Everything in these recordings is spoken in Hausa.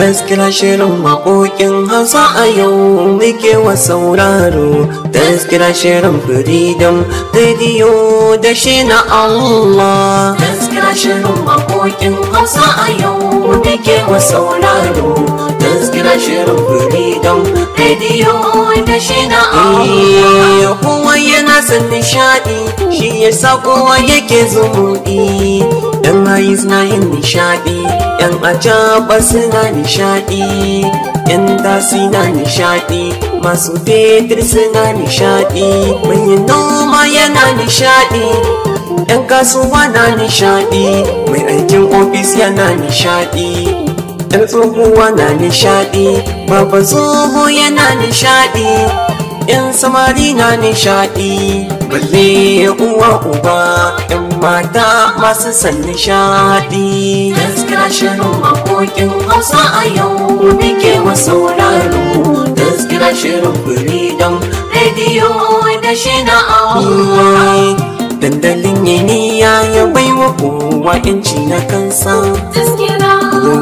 Taskira shirin makokin Hausa a yau muke wa sauraro. Taskira shirin Freedom Radio da shi na Allah. Taskira shirin makokin Hausa a yau muke wa sauraro. na shirin freedom radio kowa yana son nishadi shi yasa kowa yake zumuɗi dan hayi na yin nishadi yan ajaba suna nishadi yan tasi na nishadi masu tetir suna nishadi yi noma yana nishadi yan kasuwa na nishadi mai aikin ofis yana nishadi Dan tsohuwa na nishaɗi, baba tsoho yana nishaɗi, ‘yan samari na nishaɗi, balle uwa uba, ‘yan mata masu san nishaɗi. Gaskira shirin makokin Hausa a yau muke masauraro, gaskira shirin Freedom Radio da shi na awa. dandalin yini ya ya baiwa kowa yanci na kansa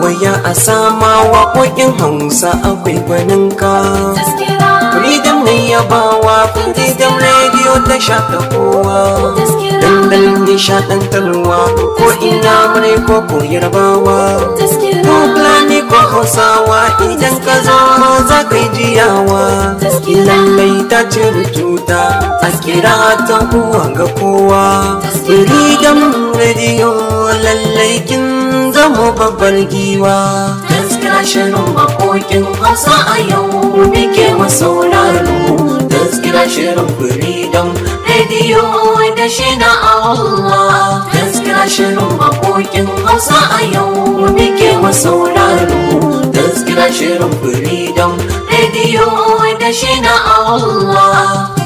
wuya a sama waƙoƙin hausa akwai gwaninka freedom ne ya bawa freedom radio ta sha ta kowa dandalin nishaɗantarwa ko ina mai ko yarbawa ko ne ko hausawa idan ka zo za ka yi jiyawa lallai ta ce rututa a kira ta kowa ga kowa freedom radio lallai kin mu babbar giwa gaskiya shirin makokin hausa a yau muke masauraro gaskiya shirin freedom radio da shi na Allah gaskiya shirin makokin hausa a yau muke masauraro gaskiya shirin freedom radio da shi na Allah